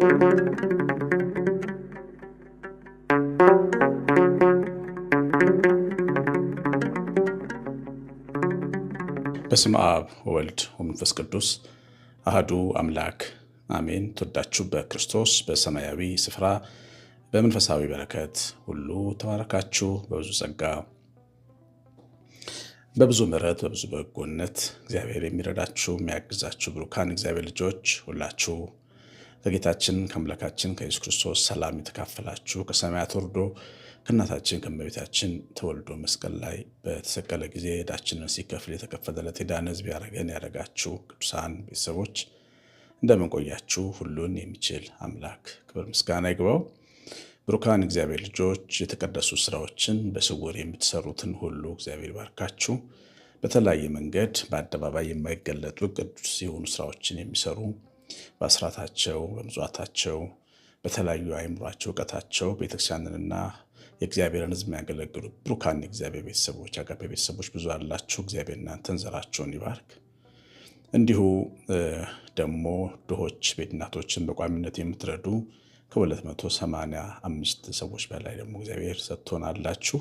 በስም አብ ወወልድ ወመንፈስ ቅዱስ አህዱ አምላክ አሜን። ተወዳችሁ በክርስቶስ በሰማያዊ ስፍራ በመንፈሳዊ በረከት ሁሉ ተባረካችሁ። በብዙ ጸጋ በብዙ ምሕረት በብዙ በጎነት እግዚአብሔር የሚረዳችሁ የሚያግዛችሁ ብሩካን እግዚአብሔር ልጆች ሁላችሁ ከጌታችን ከአምላካችን ከኢየሱስ ክርስቶስ ሰላም የተካፈላችሁ ከሰማያት ወርዶ ከእናታችን ከእመቤታችን ተወልዶ መስቀል ላይ በተሰቀለ ጊዜ ዕዳችንን ሲከፍል የተከፈለለት የዳነ ሕዝብ ያደረገን ያደረጋችሁ ቅዱሳን ቤተሰቦች እንደምንቆያችሁ ሁሉን የሚችል አምላክ ክብር ምስጋና ይግባው። ብሩካን እግዚአብሔር ልጆች የተቀደሱ ስራዎችን በስውር የምትሰሩትን ሁሉ እግዚአብሔር ባርካችሁ። በተለያየ መንገድ በአደባባይ የማይገለጡ ቅዱስ የሆኑ ስራዎችን የሚሰሩ በአስራታቸው በምጽዋታቸው በተለያዩ አይምሯቸው እውቀታቸው ቤተክርስቲያንንና የእግዚአብሔርን ሕዝብ የሚያገለግሉ ብሩካን የእግዚአብሔር ቤተሰቦች አጋፔ ቤተሰቦች ብዙ አላችሁ። እግዚአብሔር እናንተን ዘራቸውን ይባርክ። እንዲሁ ደግሞ ድሆች ቤት እናቶችን በቋሚነት የምትረዱ ከ285 ሰዎች በላይ ደግሞ እግዚአብሔር ሰጥቶን አላችሁ።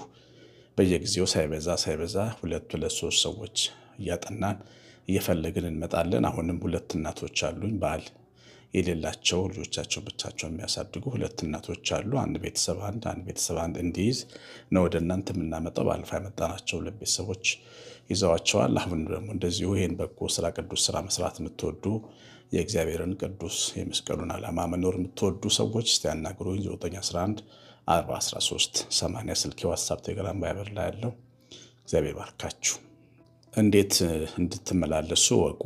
በየጊዜው ሳይበዛ ሳይበዛ ሁለት ሁለት ሶስት ሰዎች እያጠናን እየፈለግን እንመጣለን። አሁንም ሁለት እናቶች አሉኝ ባል የሌላቸው ልጆቻቸው ብቻቸው የሚያሳድጉ ሁለት እናቶች አሉ። አንድ ቤተሰብ አንድ አንድ ቤተሰብ አንድ እንዲይዝ ነው ወደ እናንተ የምናመጣው። ባለፈ ያመጣናቸው ሁለት ቤተሰቦች ይዘዋቸዋል። አሁን ደግሞ እንደዚሁ ይህን በጎ ስራ ቅዱስ ስራ መስራት የምትወዱ የእግዚአብሔርን ቅዱስ የመስቀሉን ዓላማ መኖር የምትወዱ ሰዎች እስቲ ያናግሩኝ 911 413 80 ስልክ ዋትሳፕ፣ ቴሌግራም፣ ቫይበር ላይ ያለው እግዚአብሔር ባርካችሁ። እንዴት እንድትመላለሱ ወቁ።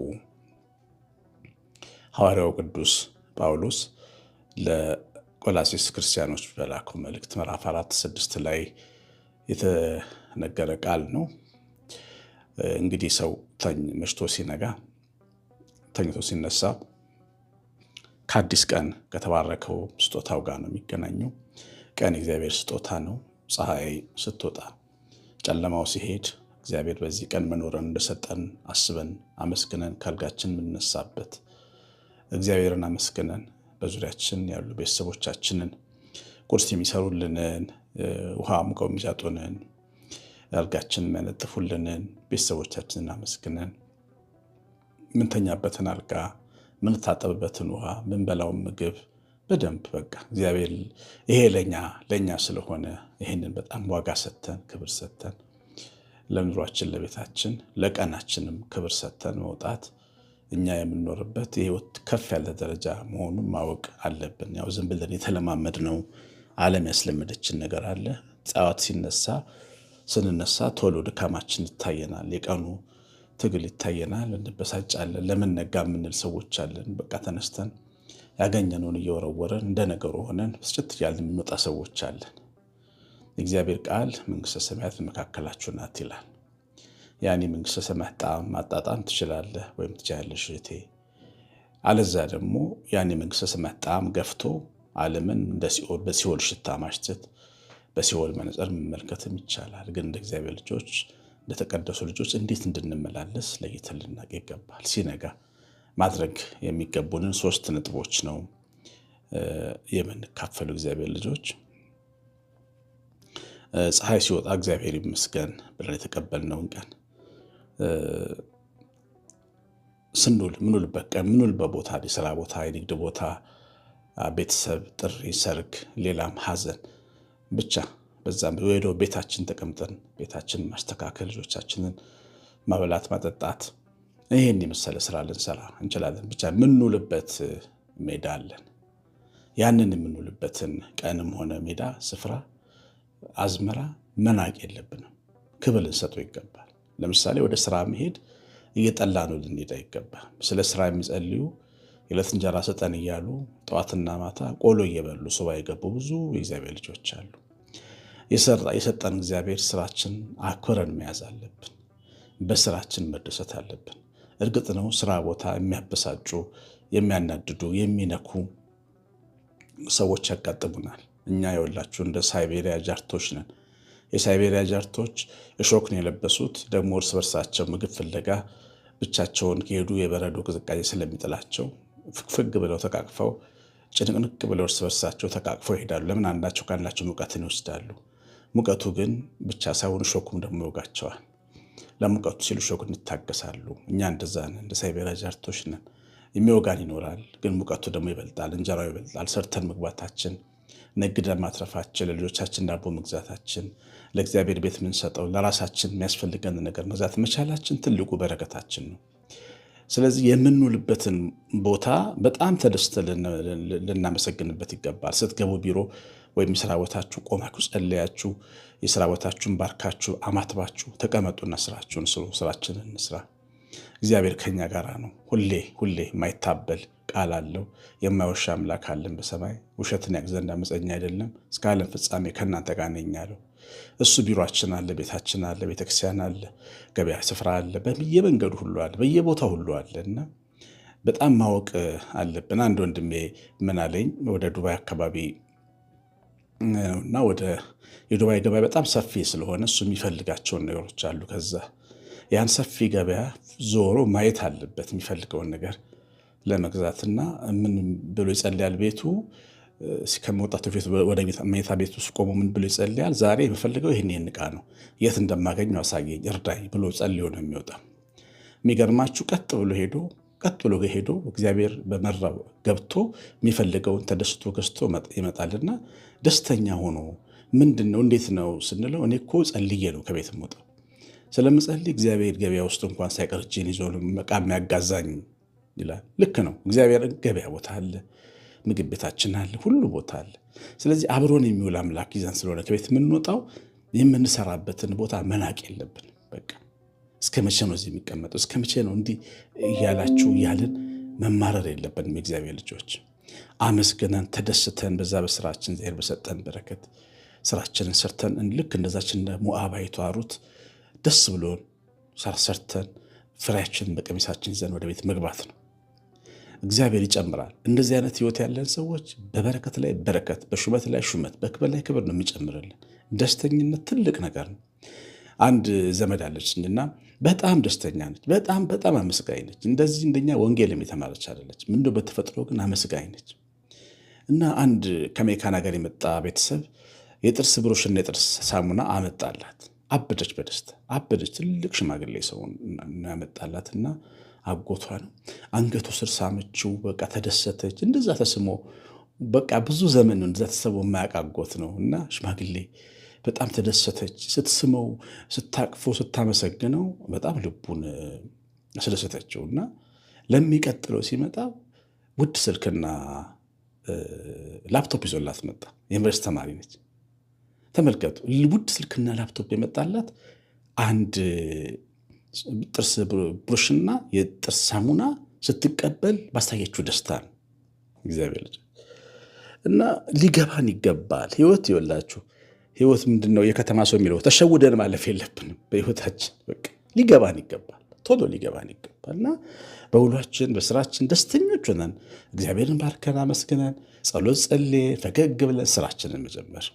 ሐዋርያው ቅዱስ ጳውሎስ ለቆላሴስ ክርስቲያኖች በላከው መልእክት ምዕራፍ አራት ስድስት ላይ የተነገረ ቃል ነው። እንግዲህ ሰው መሽቶ ሲነጋ ተኝቶ ሲነሳ ከአዲስ ቀን ከተባረከው ስጦታው ጋር ነው የሚገናኘው። ቀን እግዚአብሔር ስጦታ ነው። ፀሐይ ስትወጣ ጨለማው ሲሄድ እግዚአብሔር በዚህ ቀን መኖረን እንደሰጠን አስበን አመስግነን ካልጋችን የምንነሳበት እግዚአብሔርን አመስግነን በዙሪያችን ያሉ ቤተሰቦቻችንን ቁርስ የሚሰሩልንን ውሃ ሙቀው የሚሰጡንን አልጋችን የሚያነጥፉልንን ቤተሰቦቻችንን አመስግነን ምንተኛበትን አልጋ ምንታጠብበትን ውሃ ምንበላውን ምግብ በደንብ በቃ እግዚአብሔር ይሄ ለኛ ለእኛ ስለሆነ ይህንን በጣም ዋጋ ሰተን ክብር ሰተን። ለኑሯችን፣ ለቤታችን፣ ለቀናችንም ክብር ሰጥተን መውጣት እኛ የምንኖርበት የህይወት ከፍ ያለ ደረጃ መሆኑን ማወቅ አለብን። ያው ዝም ብለን የተለማመድ ነው ዓለም ያስለመደችን ነገር አለ። ጠዋት ሲነሳ ስንነሳ ቶሎ ድካማችን ይታየናል። የቀኑ ትግል ይታየናል። እንበሳጫለን። ለምን ነጋ የምንል ሰዎች አለን። በቃ ተነስተን ያገኘነውን እየወረወረን እንደ ነገሩ ሆነን ስጭት እያልን የምንወጣ ሰዎች አለን። የእግዚአብሔር ቃል መንግስተ ሰማያት መካከላችሁ ናት ይላል። ያኔ መንግስተ ሰማያት ጣዕም ማጣጣም ትችላለህ ወይም ትችላለሽ እህቴ። አለዛ ደግሞ ያኔ መንግስተ ሰማያት ጣዕም ገፍቶ ዓለምን በሲኦል ሽታ ማሽተት፣ በሲኦል መነጽር መመልከትም ይቻላል። ግን እንደ እግዚአብሔር ልጆች እንደተቀደሱ ልጆች እንዴት እንድንመላለስ ለይተን ልናቅ ይገባል። ሲነጋ ማድረግ የሚገቡንን ሶስት ነጥቦች ነው የምንካፈሉ እግዚአብሔር ልጆች ፀሐይ ሲወጣ እግዚአብሔር ይመስገን ብለን የተቀበልነውን ቀን ስንውል ምንውልበት ቀን ምንውልበት ቦታ የስራ ቦታ፣ የንግድ ቦታ፣ ቤተሰብ፣ ጥሪ፣ ሰርግ፣ ሌላም ሀዘን ብቻ በዛም ወደ ቤታችን ተቀምጠን ቤታችን ማስተካከል ልጆቻችንን ማበላት ማጠጣት ይህን የመሰለ ስራ ልንሰራ እንችላለን። ብቻ የምንውልበት ሜዳ አለን። ያንን የምንውልበትን ቀንም ሆነ ሜዳ ስፍራ አዝመራ መናቅ የለብንም። ክብር ልንሰጠው ይገባል። ለምሳሌ ወደ ስራ መሄድ እየጠላ ነው ልንሄድ አይገባም። ስለ ስራ የሚጸልዩ የዕለት እንጀራ ስጠን እያሉ ጠዋትና ማታ ቆሎ እየበሉ ሱባ የገቡ ብዙ የእግዚአብሔር ልጆች አሉ። የሰጠን እግዚአብሔር ስራችን አክብረን መያዝ አለብን። በስራችን መደሰት አለብን። እርግጥ ነው ስራ ቦታ የሚያበሳጩ፣ የሚያናድዱ፣ የሚነኩ ሰዎች ያጋጥሙናል። እኛ የወላችሁ እንደ ሳይቤሪያ ጃርቶች ነን። የሳይቤሪያ ጃርቶች እሾክን የለበሱት። ደግሞ እርስ በርሳቸው ምግብ ፍለጋ ብቻቸውን ከሄዱ የበረዶ ቅዝቃዜ ስለሚጥላቸው ፍግፍግ ብለው ተቃቅፈው ጭንቅንቅ ብለው እርስ በርሳቸው ተቃቅፈው ይሄዳሉ። ለምን አንዳቸው ካላቸው ሙቀትን ይወስዳሉ። ሙቀቱ ግን ብቻ ሳይሆን እሾኩም ደግሞ ይወጋቸዋል። ለሙቀቱ ሲሉ እሾኩን ይታገሳሉ። እኛ እንደዛ ነን፣ እንደ ሳይቤሪያ ጃርቶች ነን። የሚወጋን ይኖራል፣ ግን ሙቀቱ ደግሞ ይበልጣል፣ እንጀራው ይበልጣል። ሰርተን መግባታችን ነግደን ማትረፋችን፣ ለልጆቻችን ዳቦ መግዛታችን፣ ለእግዚአብሔር ቤት የምንሰጠው ለራሳችን የሚያስፈልገን ነገር መግዛት መቻላችን ትልቁ በረከታችን ነው። ስለዚህ የምንውልበትን ቦታ በጣም ተደስተ ልናመሰግንበት ይገባል። ስትገቡ ቢሮ ወይም የስራ ቦታችሁ ቆማችሁ ጸለያችሁ፣ የስራ ቦታችሁን ባርካችሁ አማትባችሁ ተቀመጡና ስራችሁን ስሩ። ስራችንን ስራ። እግዚአብሔር ከኛ ጋር ነው። ሁሌ ሁሌ የማይታበል ቃል አለው። የማይወሻ አምላክ አለን በሰማይ ውሸትን ያውቅ ዘንድ አመፀኛ አይደለም። እስከ ዓለም ፍጻሜ ከእናንተ ጋር ነኝ እሱ ቢሮችን አለ፣ ቤታችን አለ፣ ቤተክርስቲያን አለ፣ ገበያ ስፍራ አለ፣ በየመንገዱ ሁሉ አለ፣ በየቦታው ሁሉ አለ እና በጣም ማወቅ አለብን። አንድ ወንድሜ ምን አለኝ ወደ ዱባይ አካባቢ እና ወደ የዱባይ ገበያ በጣም ሰፊ ስለሆነ እሱ የሚፈልጋቸውን ነገሮች አሉ። ከዛ ያን ሰፊ ገበያ ዞሮ ማየት አለበት የሚፈልገውን ነገር ለመግዛትና ምን ብሎ ይጸልያል ቤቱ ከመውጣቱ ፊት ወደ መኝታ ቤት ውስጥ ቆሞ ምን ብሎ ይጸልያል? ዛሬ የምፈልገው ይህን ይህን ዕቃ ነው፣ የት እንደማገኘው አሳየኝ፣ እርዳኝ ብሎ ጸልዮ ነው የሚወጣ። የሚገርማችሁ ቀጥ ብሎ ሄዶ ቀጥ ብሎ ሄዶ እግዚአብሔር በመራው ገብቶ የሚፈልገውን ተደስቶ ገዝቶ ይመጣልና ደስተኛ ሆኖ ምንድን ነው እንዴት ነው ስንለው፣ እኔ እኮ ጸልዬ ነው ከቤት የምወጣው። ስለምጸልይ እግዚአብሔር ገበያ ውስጥ እንኳን ሳይቀር እጄን ይዞ ዕቃ የሚያጋዛኝ ይላል። ልክ ነው። እግዚአብሔር ገበያ ቦታ አለ፣ ምግብ ቤታችን አለ፣ ሁሉ ቦታ አለ። ስለዚህ አብሮን የሚውል አምላክ ይዘን ስለሆነ ከቤት የምንወጣው የምንሰራበትን ቦታ መናቅ የለብን። በቃ እስከ መቼ ነው እዚህ የሚቀመጠው? እስከ መቼ ነው እንዲህ እያላችሁ እያልን መማረር የለብንም። የእግዚአብሔር ልጆች አመስግነን ተደስተን በዛ በስራችን ዜር በሰጠን በረከት ስራችንን ሰርተን ልክ እንደዛችን ሞዓባዊቷ ሩት ደስ ብሎን ሰርተን ፍሬያችንን በቀሚሳችን ይዘን ወደ ቤት መግባት ነው። እግዚአብሔር ይጨምራል። እንደዚህ አይነት ህይወት ያለን ሰዎች በበረከት ላይ በረከት፣ በሹመት ላይ ሹመት፣ በክብር ላይ ክብር ነው የሚጨምርልን። ደስተኝነት ትልቅ ነገር ነው። አንድ ዘመድ አለች እና በጣም ደስተኛ ነች። በጣም በጣም አመስጋኝ ነች። እንደዚህ እንደኛ ወንጌልም የተማረች አይደለች። ምንደ በተፈጥሮ ግን አመስጋኝ ነች እና አንድ ከአሜሪካን ሀገር የመጣ ቤተሰብ የጥርስ ብሩሽና የጥርስ ሳሙና አመጣላት። አበደች፣ በደስታ አበደች። ትልቅ ሽማግሌ ሰው ያመጣላት እና አጎቷ ነው። አንገቱ ስር ሳመችው። በቃ ተደሰተች። እንደዛ ተስሞ በቃ ብዙ ዘመን ነው እንደዛ ተሰቦ የማያውቅ አጎት ነው እና ሽማግሌ በጣም ተደሰተች። ስትስመው፣ ስታቅፎ፣ ስታመሰግነው በጣም ልቡን አስደሰተችው እና ለሚቀጥለው ሲመጣ ውድ ስልክና ላፕቶፕ ይዞላት መጣ። የዩኒቨርስቲ ተማሪ ነች። ተመልከቱ፣ ውድ ስልክና ላፕቶፕ የመጣላት አንድ ጥርስ ብሩሽና የጥርስ ሳሙና ስትቀበል ባሳየችው ደስታ ነው። እግዚአብሔር ልጅ እና ሊገባን ይገባል። ህይወት ይወላችሁ ህይወት ምንድን ነው? የከተማ ሰው የሚለው ተሸውደን ማለፍ የለብንም። በህይወታችን በቃ ሊገባን ይገባል። ቶሎ ሊገባን ይገባል እና በውሏችን በስራችን ደስተኞች ሆነን እግዚአብሔርን ባርከን አመስግነን ጸሎት ጸሌ ፈገግ ብለን ስራችንን መጀመር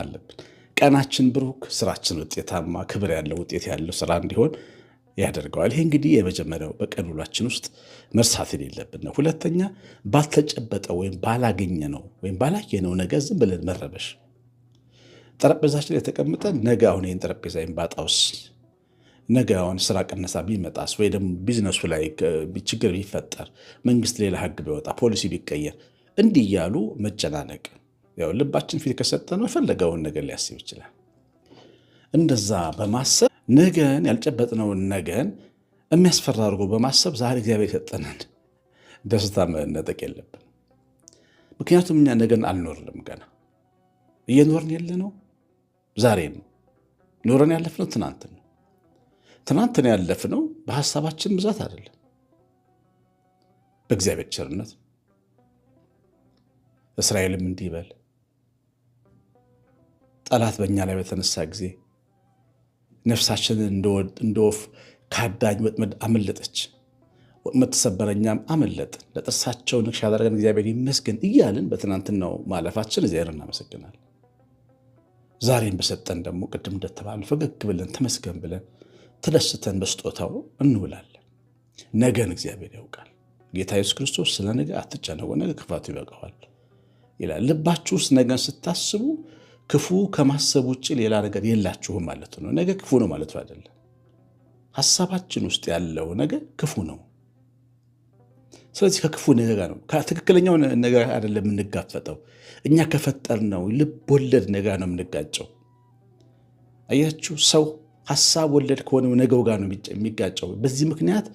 አለብን። ቀናችን ብሩክ፣ ስራችን ውጤታማ፣ ክብር ያለው ውጤት ያለው ስራ እንዲሆን ያደርገዋል። ይሄ እንግዲህ የመጀመሪያው በቀን ውሏችን ውስጥ መርሳት የሌለብን ነው። ሁለተኛ ባልተጨበጠ ወይም ባላገኘ ነው ወይም ባላየነው ነገር ዝም ብለን መረበሽ። ጠረጴዛችን ላይ ነገ አሁን ይህን ጠረጴዛ ባጣውስ፣ ነገ አሁን ስራ ቅነሳ ቢመጣስ፣ ወይ ደግሞ ቢዝነሱ ላይ ችግር ቢፈጠር፣ መንግስት ሌላ ህግ ቢወጣ፣ ፖሊሲ ቢቀየር፣ እንዲህ እያሉ መጨናነቅ ያው ልባችን ፊት ከሰጠነው የፈለገውን ነገር ሊያስብ ይችላል። እንደዛ በማሰብ ነገን ያልጨበጥነውን ነገን የሚያስፈራ አድርጎ በማሰብ ዛሬ እግዚአብሔር የሰጠንን ደስታ መነጠቅ የለብን። ምክንያቱም እኛ ነገን አልኖርንም። ገና እየኖርን የለ ነው ዛሬ ነው። ኖረን ያለፍነው ትናንት ነው። ትናንትን ያለፍነው በሀሳባችን ብዛት አይደለም፣ በእግዚአብሔር ቸርነት እስራኤልም እንዲህ በል ጠላት በእኛ ላይ በተነሳ ጊዜ ነፍሳችንን እንደ ወፍ ከአዳኝ ወጥመድ አመለጠች፣ ወጥመድ ተሰበረኛም አመለጥን፣ ለጥርሳቸው ንክሻ ያደረገን እግዚአብሔር ይመስገን እያልን በትናንትናው ማለፋችን እግዚአብሔር እናመሰግናል። ዛሬን በሰጠን ደግሞ ቅድም እንደተባለ ፈገግ ብለን ተመስገን ብለን ተደስተን በስጦታው እንውላለን። ነገን እግዚአብሔር ያውቃል። ጌታ ኢየሱስ ክርስቶስ ስለ ነገ አትጨነቁ፣ ነገ ክፋቱ ይበቃዋል ይላል። ልባችሁ ውስጥ ነገን ስታስቡ ክፉ ከማሰብ ውጭ ሌላ ነገር የላችሁም ማለት ነው። ነገ ክፉ ነው ማለት አይደለም። ሀሳባችን ውስጥ ያለው ነገር ክፉ ነው። ስለዚህ ከክፉ ነገር ጋር ነው፣ ከትክክለኛው ነገር አይደለም የምንጋፈጠው። እኛ ከፈጠርነው ልብ ወለድ ነገ ነው የምንጋጨው። አያችሁ፣ ሰው ሀሳብ ወለድ ከሆነው ነገው ጋር ነው የሚጋጨው። በዚህ ምክንያት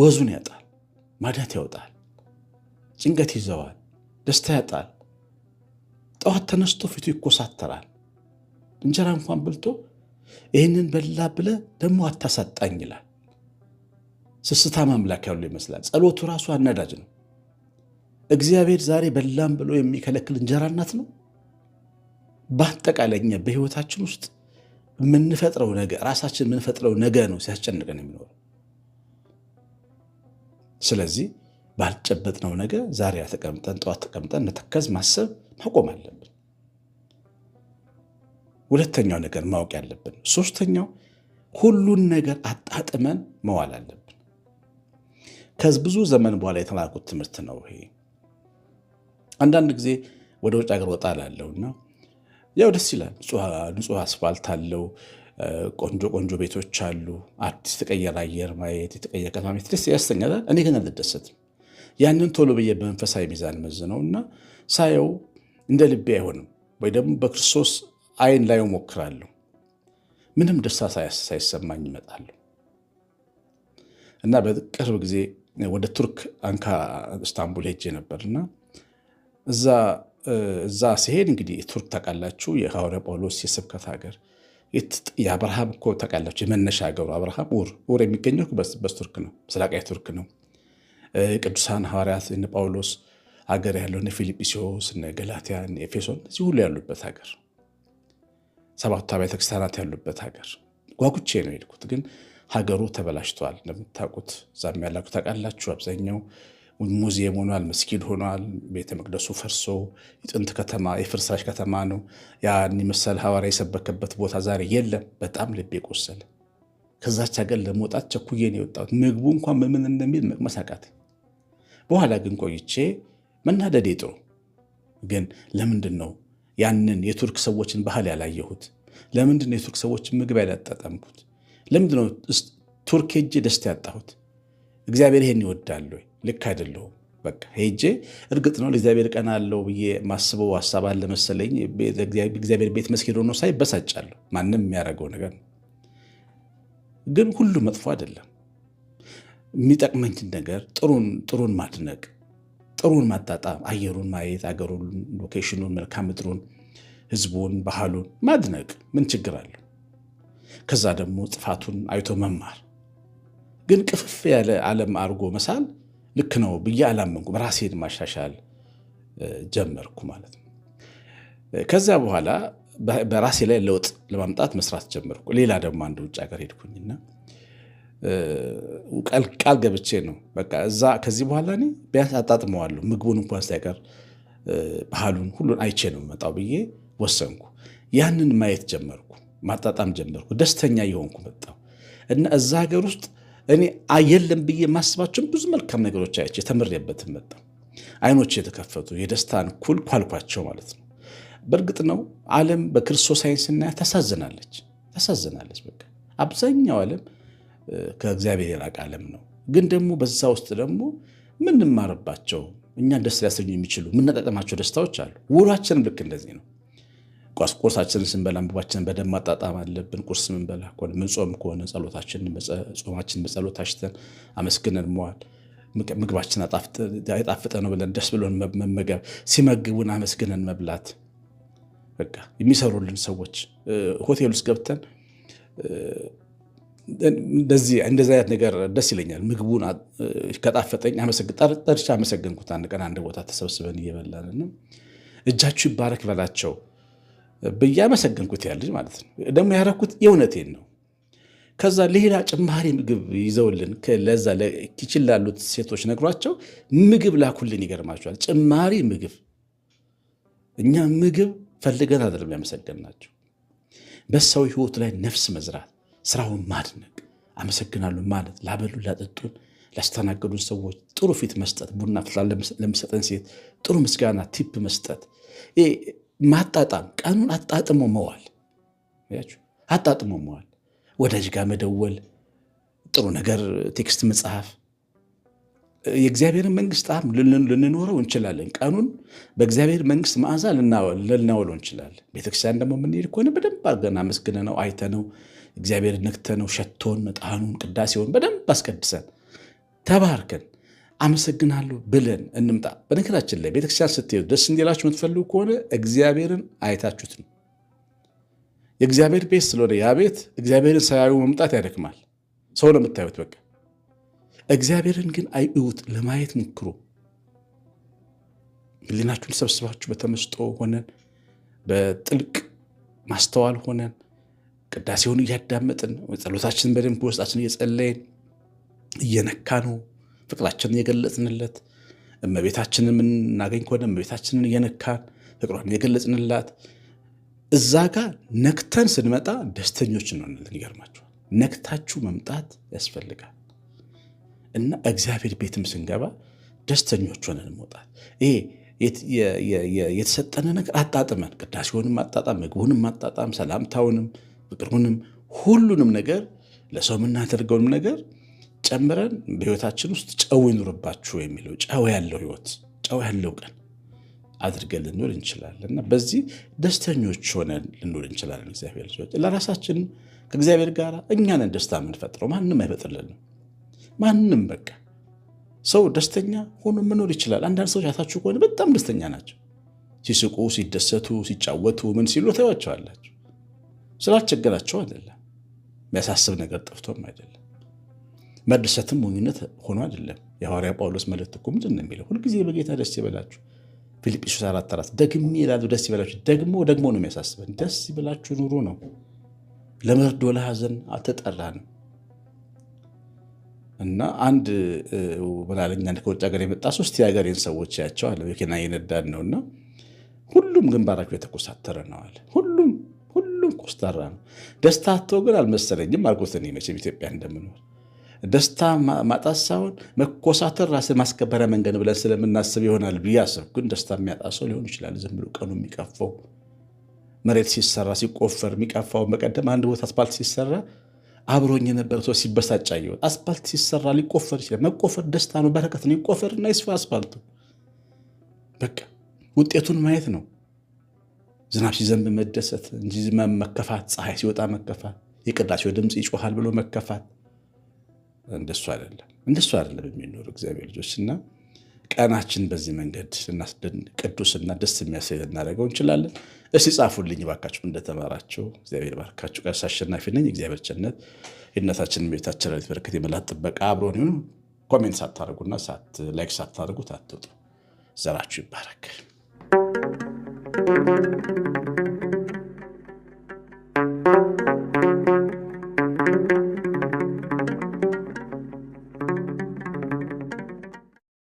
ወዙን ያጣል፣ ማዳት ያወጣል፣ ጭንቀት ይዘዋል፣ ደስታ ያጣል ጠዋት ተነስቶ ፊቱ ይኮሳተራል። እንጀራ እንኳን በልቶ ይህንን በላ ብለ ደግሞ አታሳጣኝ ይላል። ስስታም አምላክ ያሉ ይመስላል። ጸሎቱ ራሱ አነዳጅ ነው። እግዚአብሔር ዛሬ በላም ብሎ የሚከለክል እንጀራ እናት ነው። በአጠቃላይ እኛ በህይወታችን ውስጥ የምንፈጥረው ነገ ራሳችን የምንፈጥረው ነገ ነው ሲያስጨንቀን የሚኖረው። ስለዚህ ባልጨበጥነው ነገ ዛሬ ተቀምጠን ጠዋት ተቀምጠን ነተከዝ ማሰብ ማቆም አለብን። ሁለተኛው ነገር ማወቅ ያለብን፣ ሶስተኛው ሁሉን ነገር አጣጥመን መዋል አለብን። ከዚህ ብዙ ዘመን በኋላ የተላኩት ትምህርት ነው ይሄ። አንዳንድ ጊዜ ወደ ውጭ ሀገር ወጣ እና ያው ደስ ይላል፣ ንጹህ አስፋልት አለው፣ ቆንጆ ቆንጆ ቤቶች አሉ፣ አዲስ የተቀየረ አየር ማየት የተቀየረ ከተማ ማየት ደስ ያሰኛል። እኔ ግን አልደሰትም። ያንን ቶሎ ብዬ በመንፈሳዊ ሚዛን ነው እና ሳየው እንደ ልቤ አይሆንም ወይ ደግሞ በክርስቶስ አይን ላይ ሞክራለሁ። ምንም ደስታ ሳይሰማኝ ይመጣለሁ እና በቅርብ ጊዜ ወደ ቱርክ አንካ እስታንቡል ሄጄ ነበር እና እዛ ሲሄድ እንግዲህ ቱርክ ታውቃላችሁ፣ የሐዋርያ ጳውሎስ የስብከት ሀገር የአብርሃም እኮ ታውቃላችሁ፣ የመነሻ ሀገሩ አብርሃም ኡር ኡር የሚገኘው በስቱርክ ነው፣ ምስራቃዊ ቱርክ ነው። ቅዱሳን ሐዋርያት እነ ጳውሎስ አገር ያለው እነ ፊልጵስዮስ፣ እነ ገላትያ፣ እነ ኤፌሶን እዚህ ሁሉ ያሉበት ሀገር ሰባቱ አብያተ ክርስቲያናት ያሉበት ሀገር ጓጉቼ ነው የሄድኩት። ግን ሀገሩ ተበላሽቷል እንደምታውቁት። እዛም ያላችሁ ታውቃላችሁ። አብዛኛው ሙዚየም ሆኗል፣ መስጊድ ሆኗል። ቤተ መቅደሱ ፈርሶ የጥንት ከተማ የፍርስራሽ ከተማ ነው። ያን መሰል ሐዋርያ የሰበከበት ቦታ ዛሬ የለም። በጣም ልቤ ቆሰለ። ከዛች ሀገር ለመውጣት ቸኩዬን የወጣሁት ምግቡ እንኳን በምን እንደሚል መቅመስ አቃተኝ። በኋላ ግን ቆይቼ መናደዴ ጥሩ ግን ለምንድን ነው ያንን የቱርክ ሰዎችን ባህል ያላየሁት? ለምንድን ነው የቱርክ ሰዎችን ምግብ ያላጣጠምኩት? ለምንድን ነው ቱርክ ሄጄ ደስታ ያጣሁት? እግዚአብሔር ይሄን ይወዳል ወይ? ልክ አይደለሁም። በቃ ሄጄ እርግጥ ነው ለእግዚአብሔር ቀን አለው ብዬ ማስበው ሀሳብ አለ መሰለኝ። እግዚአብሔር ቤት መስጊድ ሆኖ ሳይ በሳጫለሁ። ማንም የሚያደርገው ነገር ነው። ግን ሁሉ መጥፎ አይደለም። የሚጠቅመኝን ነገር ጥሩን ማድነቅ፣ ጥሩን ማጣጣም፣ አየሩን ማየት፣ አገሩን፣ ሎኬሽኑን፣ መልክዓ ምድሩን፣ ህዝቡን፣ ባህሉን ማድነቅ ምን ችግር አለው? ከዛ ደግሞ ጥፋቱን አይቶ መማር። ግን ቅፍፍ ያለ ዓለም አድርጎ መሳል ልክ ነው ብዬ አላመንኩም። ራሴን ማሻሻል ጀመርኩ ማለት ነው። ከዚያ በኋላ በራሴ ላይ ለውጥ ለማምጣት መስራት ጀመርኩ። ሌላ ደግሞ አንድ ውጭ ሀገር ሄድኩኝና ቃል ገብቼ ነው በቃ እዛ ከዚህ በኋላ እኔ ቢያንስ አጣጥመዋለሁ ምግቡን እንኳን ሳይቀር ባህሉን ሁሉን አይቼ ነው መጣው ብዬ ወሰንኩ። ያንን ማየት ጀመርኩ፣ ማጣጣም ጀመርኩ፣ ደስተኛ የሆንኩ መጣው እና እዛ ሀገር ውስጥ እኔ የለም ብዬ ማስባቸውን ብዙ መልካም ነገሮች አይቼ የተምሬበትን መጣሁ። አይኖች የተከፈቱ የደስታን ኩል ኳልኳቸው ማለት ነው። በእርግጥ ነው ዓለም በክርስቶስ አይን ስናያት ተሳዝናለች። ታሳዝናለች። በቃ አብዛኛው ዓለም ከእግዚአብሔር የራቀ ዓለም ነው። ግን ደግሞ በዛ ውስጥ ደግሞ ምንማርባቸው እኛን ደስ ሊያሰኙ የሚችሉ የምንጠቀማቸው ደስታዎች አሉ። ውሏችንም ልክ እንደዚህ ነው። ቁርሳችንን ስንበላ ምግባችንን በደንብ ማጣጣም አለብን። ቁርስ ምንበላ ከሆነ ምንጾም ከሆነ ጸሎታችንን ጾማችንን በጸሎት አሽተን አመስግነን መዋል ምግባችን የጣፍጠ ነው ብለን ደስ ብሎን መመገብ፣ ሲመግቡን አመስግነን መብላት። በቃ የሚሰሩልን ሰዎች ሆቴል ውስጥ ገብተን እንደዚህ እንደዚህ አይነት ነገር ደስ ይለኛል። ምግቡን ከጣፈጠኝ ጠርቻ አመሰገንኩት። አንድ ቀን አንድ ቦታ ተሰብስበን እየበላን እጃችሁ ይባረክ በላቸው ብዬ አመሰገንኩት። ያ ልጅ ማለት ነው። ደግሞ ያረኩት የእውነቴን ነው። ከዛ ሌላ ጭማሪ ምግብ ይዘውልን ለዛ ለኪችን ላሉት ሴቶች ነግሯቸው ምግብ ላኩልን። ይገርማቸዋል። ጭማሪ ምግብ እኛ ምግብ ፈልገን አይደለም ናቸው። በሰው ህይወት ላይ ነፍስ መዝራት ስራውን ማድነቅ አመሰግናለሁ ማለት ላበሉ ላጠጡን፣ ላስተናገዱን ሰዎች ጥሩ ፊት መስጠት፣ ቡና ፍላ ለምሰጠን ሴት ጥሩ ምስጋና ቲፕ መስጠት፣ ማጣጣም፣ ቀኑን አጣጥሞ መዋል፣ አጣጥሞ መዋል፣ ወዳጅ ጋር መደወል፣ ጥሩ ነገር ቴክስት መጽሐፍ የእግዚአብሔርን መንግስት ጣም ልንኖረው እንችላለን። ቀኑን በእግዚአብሔር መንግስት መዓዛ ልናውለው እንችላለን። ቤተክርስቲያን ደግሞ የምንሄድ ከሆነ በደንብ አድርገን አመስግነነው አይተነው እግዚአብሔርን ነክተነው ሸቶን ዕጣኑን ቅዳሴውን በደንብ አስቀድሰን ተባርከን አመሰግናለሁ ብለን እንምጣ። በነገራችን ላይ ቤተክርስቲያን ስትሄዱ ደስ እንዲላችሁ የምትፈልጉ ከሆነ እግዚአብሔርን አይታችሁት ነው። የእግዚአብሔር ቤት ስለሆነ ያ ቤት እግዚአብሔርን ሳያዩ መምጣት ያደክማል። ሰው ነው የምታዩት። በቃ እግዚአብሔርን ግን አይዩት፣ ለማየት ሞክሩ። ህሊናችሁን ሰብስባችሁ በተመስጦ ሆነን በጥልቅ ማስተዋል ሆነን ቅዳሴውን እያዳመጥን ጸሎታችን በደንብ ውስጣችን እየጸለይን እየነካ ነው ፍቅራችንን እየገለጽንለት እመቤታችንን የምናገኝ ከሆነ እመቤታችንን እየነካን ፍቅሯን እየገለጽንላት እዛ ጋር ነክተን ስንመጣ ደስተኞች ነው። ይገርማችኋል። ነክታችሁ መምጣት ያስፈልጋል እና እግዚአብሔር ቤትም ስንገባ ደስተኞች ሆነን መውጣት ይሄ የተሰጠነ ነገር አጣጥመን ቅዳሴውንም አጣጣም ምግቡንም አጣጣም ሰላምታውንም ፍቅሩንም ሁሉንም ነገር ለሰው የምናደርገውንም ነገር ጨምረን በህይወታችን ውስጥ ጨው ይኑርባችሁ የሚለው ጨው ያለው ህይወት ጨው ያለው ቀን አድርገን ልንኖር እንችላለን እና በዚህ ደስተኞች ሆነን ልንኖር እንችላለን። እግዚአብሔር ልጆች ለራሳችን ከእግዚአብሔር ጋር እኛንን ደስታ የምንፈጥረው ማንም አይፈጥርልንም። ማንም በቃ ሰው ደስተኛ ሆኖ መኖር ይችላል። አንዳንድ ሰዎች ያታችሁ ከሆነ በጣም ደስተኛ ናቸው። ሲስቁ፣ ሲደሰቱ፣ ሲጫወቱ ምን ሲሉ ታዩዋቸዋላችሁ። ስላልቸገራቸው አይደለም። የሚያሳስብ ነገር ጠፍቶም አይደለም። መደሰትም ሞኝነት ሆኖ አይደለም። የሐዋርያ ጳውሎስ መልእክት እኮ ምንድን ነው የሚለው? ሁልጊዜ በጌታ ደስ ይበላችሁ። ፊልጵሶስ አራት አራት ደግሜ እላለሁ ደስ ይበላችሁ። ደግሞ ደግሞ ነው የሚያሳስበን። ደስ ይበላችሁ ኑሮ ነው። ለመርዶ ለሐዘን አልተጠራንም እና አንድ ምናለኛ ከውጭ ሀገር የመጣ ሶስት የሀገሬን ሰዎች ያቸዋል መኪና የነዳን ነውና ሁሉም ግንባራቸው የተኮሳተረ ነዋል ሁሉም ሁሉም ኮስታራ ነው። ደስታ አቶ ግን አልመሰለኝም አልኩት። እኔ መቼም ኢትዮጵያ እንደምኖር ደስታ ማጣት ሳይሆን መኮሳተር ራስ ማስከበረ መንገድ ብለን ስለምናስብ ይሆናል ብዬ አሰብኩ። ግን ደስታ የሚያጣ ሰው ሊሆን ይችላል። ዝም ብሎ ቀኑ የሚቀፈው መሬት ሲሰራ ሲቆፈር የሚቀፋው። በቀደም አንድ ቦታ አስፓልት ሲሰራ አብሮኝ የነበረ ሰው ሲበሳጫ ይሆን አስፓልት ሲሰራ ሊቆፈር ይችላል። መቆፈር ደስታ ነው፣ በረከት ነው። ይቆፈርና ይስፋ አስፓልቱ። በቃ ውጤቱን ማየት ነው። ዝናብ ሲዘንብ መደሰት እንጂ መከፋት፣ ፀሐይ ሲወጣ መከፋት፣ የቅዳሴው ድምፅ ይጮሃል ብሎ መከፋት እንደሱ አይደለም፣ እንደሱ አይደለም የሚኖሩ እግዚአብሔር ልጆች እና ቀናችን በዚህ መንገድ ቅዱስና ደስ የሚያሳይ ልናደርገው እንችላለን። እስቲ ጻፉልኝ ባካችሁ እንደተማራችሁ። እግዚአብሔር ባርካችሁ። ቀሲስ አሸናፊ ነኝ። እግዚአብሔር ቸነት የእናታችን ቤታችን ላይ በረከት የመላት ጥበቃ አብሮን ይሁን። ኮሜንት ሳታደርጉና ላይክ ሳታደርጉት አትውጡ። ዘራችሁ ይባረክ። thank you